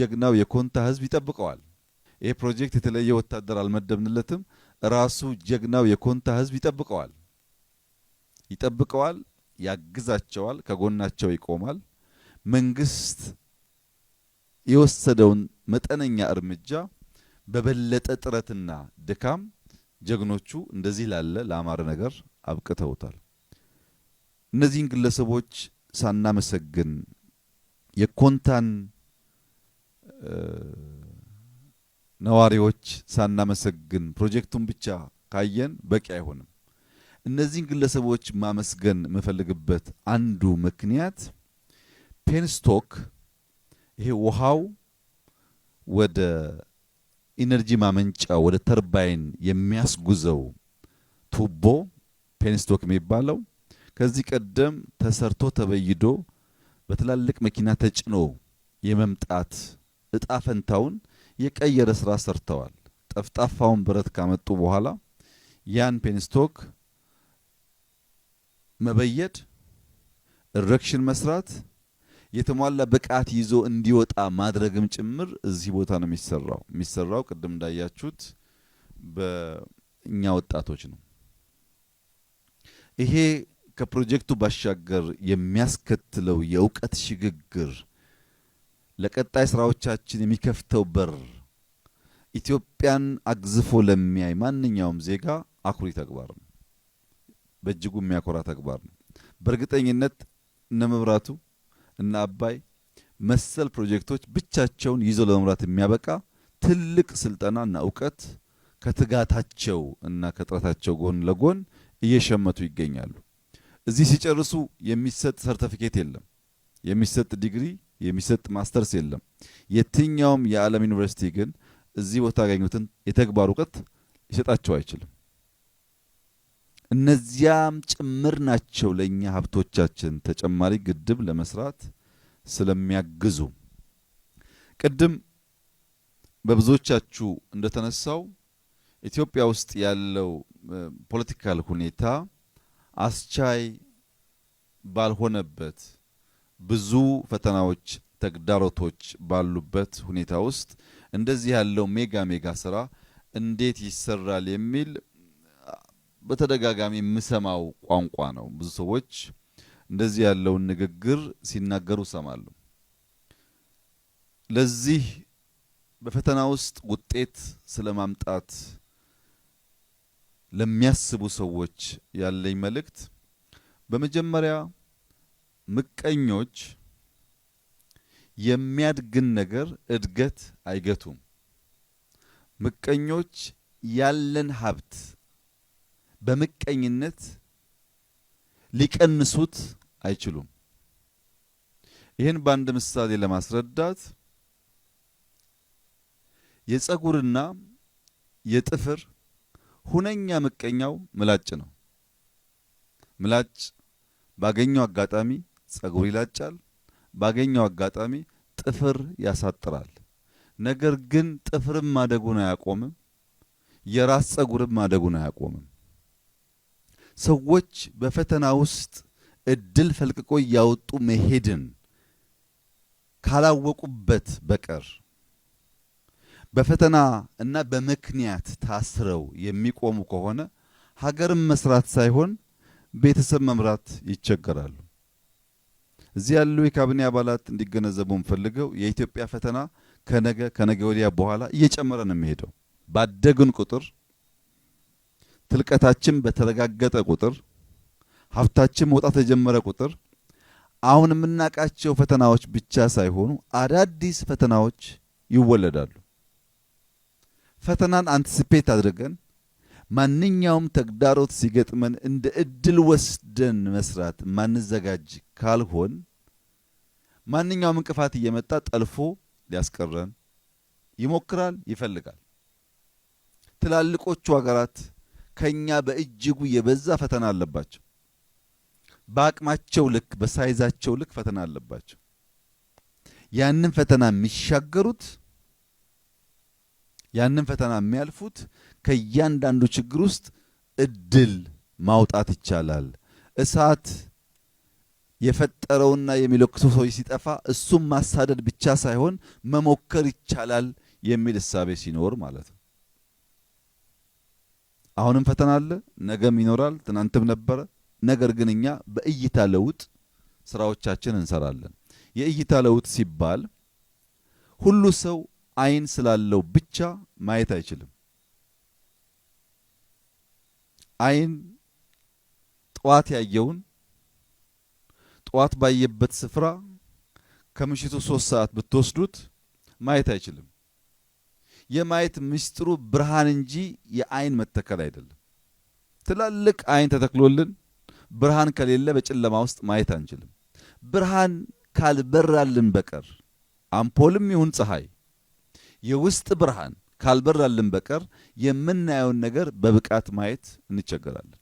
ጀግናው የኮንታ ህዝብ ይጠብቀዋል። ይሄ ፕሮጀክት የተለየ ወታደር አልመደብንለትም። ራሱ ጀግናው የኮንታ ህዝብ ይጠብቀዋል ይጠብቀዋል፣ ያግዛቸዋል፣ ከጎናቸው ይቆማል። መንግስት የወሰደውን መጠነኛ እርምጃ በበለጠ ጥረትና ድካም ጀግኖቹ እንደዚህ ላለ ለአማረ ነገር አብቅተውታል። እነዚህን ግለሰቦች ሳናመሰግን የኮንታን ነዋሪዎች ሳናመሰግን ፕሮጀክቱን ብቻ ካየን በቂ አይሆንም። እነዚህን ግለሰቦች ማመስገን የምፈልግበት አንዱ ምክንያት ፔንስቶክ ይሄ ውሃው ወደ ኢነርጂ ማመንጫ ወደ ተርባይን የሚያስጉዘው ቱቦ ፔንስቶክ የሚባለው ከዚህ ቀደም ተሰርቶ ተበይዶ በትላልቅ መኪና ተጭኖ የመምጣት እጣፈንታውን የቀየረ ስራ ሰርተዋል። ጠፍጣፋውን ብረት ካመጡ በኋላ ያን ፔንስቶክ መበየድ፣ ኢሬክሽን መስራት፣ የተሟላ ብቃት ይዞ እንዲወጣ ማድረግም ጭምር እዚህ ቦታ ነው የሚሰራው። የሚሰራው ቅድም እንዳያችሁት በእኛ ወጣቶች ነው። ይሄ ከፕሮጀክቱ ባሻገር የሚያስከትለው የእውቀት ሽግግር ለቀጣይ ስራዎቻችን የሚከፍተው በር ኢትዮጵያን አግዝፎ ለሚያይ ማንኛውም ዜጋ አኩሪ ተግባር ነው። በእጅጉ የሚያኮራ ተግባር ነው። በእርግጠኝነት እነ መብራቱ እነ አባይ መሰል ፕሮጀክቶች ብቻቸውን ይዞ ለመምራት የሚያበቃ ትልቅ ስልጠና እና እውቀት ከትጋታቸው እና ከጥረታቸው ጎን ለጎን እየሸመቱ ይገኛሉ። እዚህ ሲጨርሱ የሚሰጥ ሰርተፊኬት የለም፣ የሚሰጥ ዲግሪ የሚሰጥ ማስተርስ የለም። የትኛውም የዓለም ዩኒቨርሲቲ ግን እዚህ ቦታ ያገኙትን የተግባር እውቀት ሊሰጣቸው አይችልም። እነዚያም ጭምር ናቸው ለእኛ ሀብቶቻችን ተጨማሪ ግድብ ለመስራት ስለሚያግዙ። ቅድም በብዙዎቻችሁ እንደተነሳው ኢትዮጵያ ውስጥ ያለው ፖለቲካል ሁኔታ አስቻይ ባልሆነበት ብዙ ፈተናዎች፣ ተግዳሮቶች ባሉበት ሁኔታ ውስጥ እንደዚህ ያለው ሜጋ ሜጋ ስራ እንዴት ይሰራል የሚል በተደጋጋሚ የምሰማው ቋንቋ ነው። ብዙ ሰዎች እንደዚህ ያለውን ንግግር ሲናገሩ ሰማሉ። ለዚህ በፈተና ውስጥ ውጤት ስለማምጣት ለሚያስቡ ሰዎች ያለኝ መልእክት በመጀመሪያ ምቀኞች የሚያድግን ነገር እድገት አይገቱም። ምቀኞች ያለን ሀብት በምቀኝነት ሊቀንሱት አይችሉም። ይህን በአንድ ምሳሌ ለማስረዳት የጸጉርና የጥፍር ሁነኛ ምቀኛው ምላጭ ነው። ምላጭ ባገኘው አጋጣሚ ጸጉር ይላጫል፣ ባገኘው አጋጣሚ ጥፍር ያሳጥራል። ነገር ግን ጥፍርም ማደጉን አያቆምም፣ የራስ ጸጉርም ማደጉን አያቆምም። ሰዎች በፈተና ውስጥ እድል ፈልቅቆ እያወጡ መሄድን ካላወቁበት በቀር በፈተና እና በምክንያት ታስረው የሚቆሙ ከሆነ ሀገርም መስራት ሳይሆን ቤተሰብ መምራት ይቸገራሉ። እዚህ ያሉ የካቢኔ አባላት እንዲገነዘቡ የምፈልገው የኢትዮጵያ ፈተና ከነገ ከነገ ወዲያ በኋላ እየጨመረ ነው የሚሄደው። ባደግን ቁጥር ትልቀታችን በተረጋገጠ ቁጥር ሀብታችን መውጣት የጀመረ ቁጥር አሁን የምናውቃቸው ፈተናዎች ብቻ ሳይሆኑ አዳዲስ ፈተናዎች ይወለዳሉ። ፈተናን አንቲሲፔት አድርገን ማንኛውም ተግዳሮት ሲገጥመን እንደ እድል ወስደን መስራት ማንዘጋጅ ካልሆን ማንኛውም እንቅፋት እየመጣ ጠልፎ ሊያስቀረን ይሞክራል፣ ይፈልጋል። ትላልቆቹ ሀገራት ከኛ በእጅጉ የበዛ ፈተና አለባቸው። በአቅማቸው ልክ፣ በሳይዛቸው ልክ ፈተና አለባቸው። ያንን ፈተና የሚሻገሩት ያንን ፈተና የሚያልፉት ከእያንዳንዱ ችግር ውስጥ እድል ማውጣት ይቻላል። እሳት የፈጠረውና የሚለክሰው ሰው ሲጠፋ እሱም ማሳደድ ብቻ ሳይሆን መሞከር ይቻላል የሚል እሳቤ ሲኖር ማለት ነው። አሁንም ፈተና አለ፣ ነገም ይኖራል፣ ትናንትም ነበረ። ነገር ግን እኛ በእይታ ለውጥ ስራዎቻችን እንሰራለን። የእይታ ለውጥ ሲባል ሁሉ ሰው አይን ስላለው ብቻ ማየት አይችልም። አይን ጠዋት ያየውን ጠዋት ባየበት ስፍራ ከምሽቱ ሶስት ሰዓት ብትወስዱት ማየት አይችልም። የማየት ምስጢሩ ብርሃን እንጂ የአይን መተከል አይደለም። ትላልቅ አይን ተተክሎልን ብርሃን ከሌለ በጨለማ ውስጥ ማየት አንችልም። ብርሃን ካልበራልን በቀር አምፖልም ይሁን ፀሐይ የውስጥ ብርሃን ካልበራልን በቀር የምናየውን ነገር በብቃት ማየት እንቸገራለን።